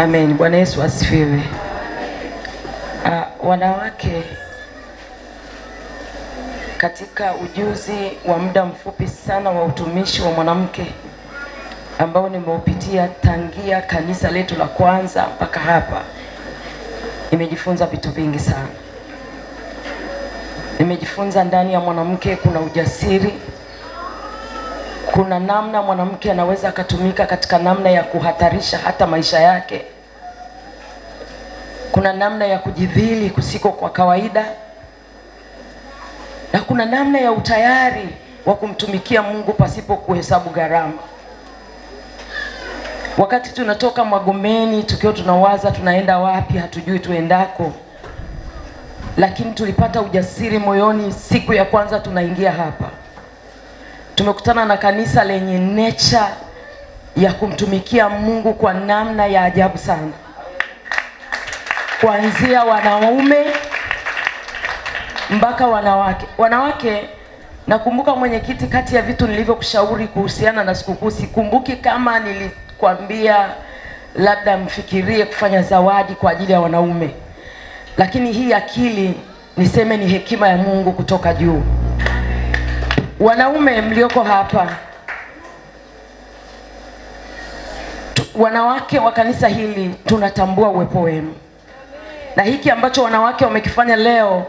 Amen. Bwana Yesu asifiwe. Uh, wanawake katika ujuzi wa muda mfupi sana wa utumishi wa mwanamke ambao nimeupitia tangia kanisa letu la kwanza mpaka hapa, nimejifunza vitu vingi sana. Nimejifunza ndani ya mwanamke kuna ujasiri kuna namna mwanamke anaweza akatumika katika namna ya kuhatarisha hata maisha yake. Kuna namna ya kujidhili kusiko kwa kawaida, na kuna namna ya utayari wa kumtumikia Mungu pasipo kuhesabu gharama. Wakati tunatoka Magomeni tukiwa tunawaza tunaenda wapi, hatujui tuendako, lakini tulipata ujasiri moyoni siku ya kwanza tunaingia hapa Tumekutana na kanisa lenye nature ya kumtumikia Mungu kwa namna ya ajabu sana, kuanzia wanaume mpaka wanawake. Wanawake, nakumbuka mwenyekiti, kati ya vitu nilivyokushauri kuhusiana na sikukuu, sikumbuki kama nilikwambia labda mfikirie kufanya zawadi kwa ajili ya wanaume, lakini hii akili niseme ni hekima ya Mungu kutoka juu wanaume mlioko hapa, wanawake wa kanisa hili, tunatambua uwepo wenu na hiki ambacho wanawake wamekifanya leo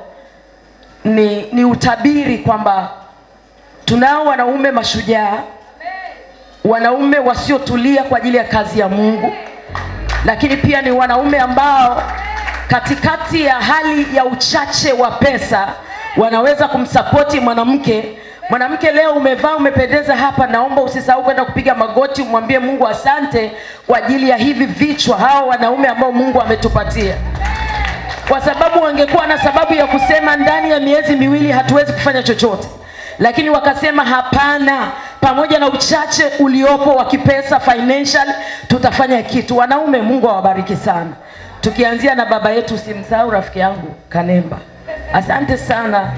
ni, ni utabiri kwamba tunao wanaume mashujaa, wanaume wasiotulia kwa ajili ya kazi ya Mungu, lakini pia ni wanaume ambao katikati ya hali ya uchache wa pesa wanaweza kumsapoti mwanamke Mwanamke, leo umevaa umependeza hapa, naomba usisahau kwenda kupiga magoti, umwambie Mungu asante kwa ajili ya hivi vichwa, hao wanaume ambao Mungu ametupatia, kwa sababu wangekuwa na sababu ya kusema ndani ya miezi miwili hatuwezi kufanya chochote, lakini wakasema hapana, pamoja na uchache uliopo wa kipesa financial, tutafanya kitu. Wanaume, Mungu awabariki sana, tukianzia na baba yetu, simsahau rafiki yangu Kanemba. Asante sana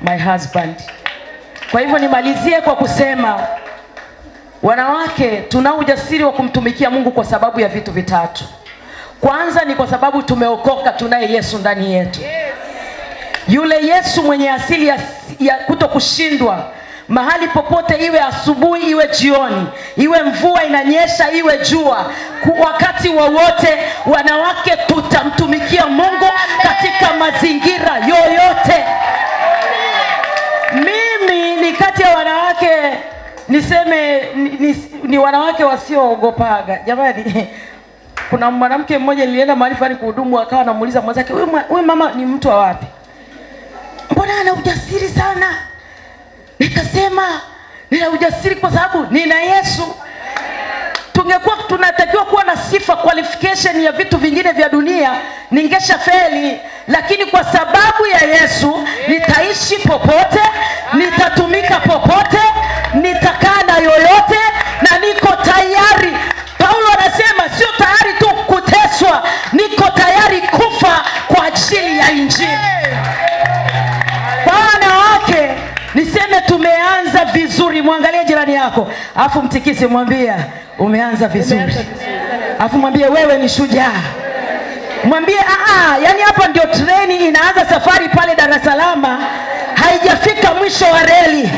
my husband. Kwa hivyo nimalizie kwa kusema wanawake tunao ujasiri wa kumtumikia Mungu kwa sababu ya vitu vitatu. Kwanza ni kwa sababu tumeokoka, tunaye Yesu ndani yetu, yule Yesu mwenye asili ya, ya kuto kushindwa mahali popote, iwe asubuhi, iwe jioni, iwe mvua inanyesha, iwe jua, wakati wowote wa wanawake tutamtumikia Mungu katika mazingira yoyote. niseme ni, ni, ni wanawake wasioogopaga jamani. Kuna mwanamke mmoja nilienda mahali fulani kuhudumu, akawa anamuuliza mwenzake, huyu mama ni mtu wa wapi, mbona ana ujasiri sana? Nikasema nina ujasiri kwa sababu nina Yesu. Tungekuwa tunatakiwa kuwa na sifa qualification ya vitu vingine vya dunia, ningesha feli lakini kwa sababu ya Yesu nitaishi popote, nitatumika popote, nitakaa na yoyote, na niko tayari. Paulo anasema sio tayari tu kuteswa, niko tayari kufa kwa ajili ya Injili. Kwa wanawake niseme tumeanza vizuri, mwangalie jirani yako afu mtikisi, mwambia umeanza vizuri, afu mwambie wewe ni shujaa mwambie ah, ah, yani hapa ndio treni inaanza safari pale Dar es Salaam, haijafika mwisho wa reli.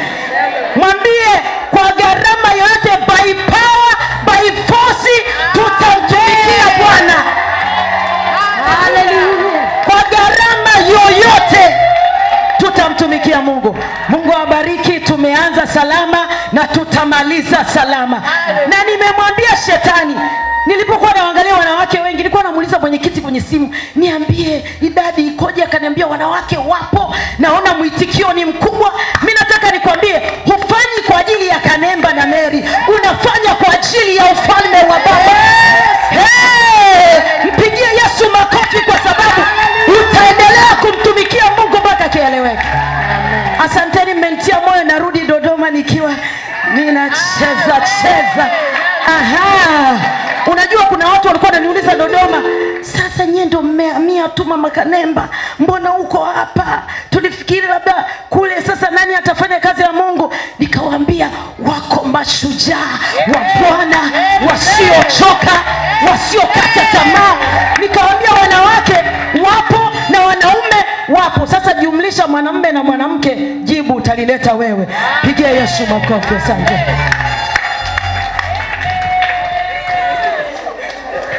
Mwambie kwa gharama yoyote, by power by force, tutamtumikia Bwana kwa gharama yoyote, tutamtumikia Mungu. Mungu awabariki. Tumeanza salama na tutamaliza salama. Na nimemwambia shetani, nilipokuwa naangalia wanawake wengi, nilikuwa namuuliza mwenyekiti kwenye simu, niambie idadi ikoje? Akaniambia wanawake wapo, naona mwitikio ni mkubwa. Mi nataka nikwambie, hufanyi kwa ajili ya Kanemba na Mary, unafanya kwa ajili ya ufalme wa Baba. Tunacheza. Aha. Unajua kuna watu walikuwa wananiuliza Dodoma, sasa nyie ndo mmehamia tu Mama Kanemba, mbona uko hapa? Tulifikiri labda kule, sasa nani atafanya kazi ya Mungu? Nikawaambia wako mashujaa wa Bwana wasiochoka, wasiokata tamaa. Nikawaambia wanawake wapo na wanaume wapo. Sasa jumlisha mwanamume na mwanamke, jibu utalileta wewe. Pigia Yesu makofi. Asante.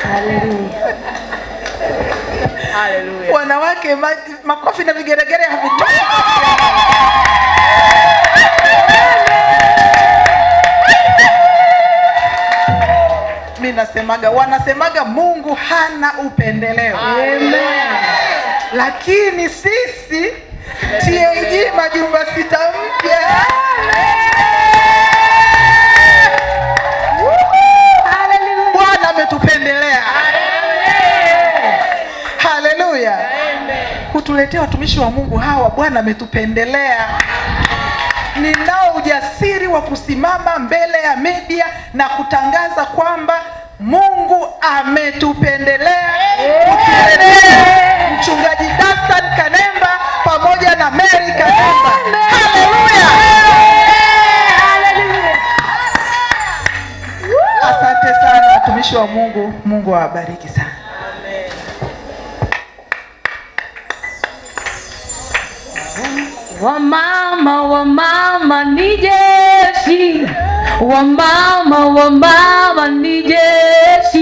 Haleluya. Wanawake ma, makofi na vigeregere havitoki. Mimi nasemaga wanasemaga Mungu hana upendeleo. Amen. Lakini sisi TAG Majumba sita kutuletea watumishi wa Mungu hawa, Bwana ametupendelea. Ninao ujasiri wa kusimama mbele ya media na kutangaza kwamba Mungu ametupendelea kutuletea mchungaji Dastan Kanemba pamoja na Mary Kanemba. Haleluya, asante sana watumishi wa Mungu. Mungu awabariki. Wamama, wamama ni jeshi, wamama, wamama ni jeshi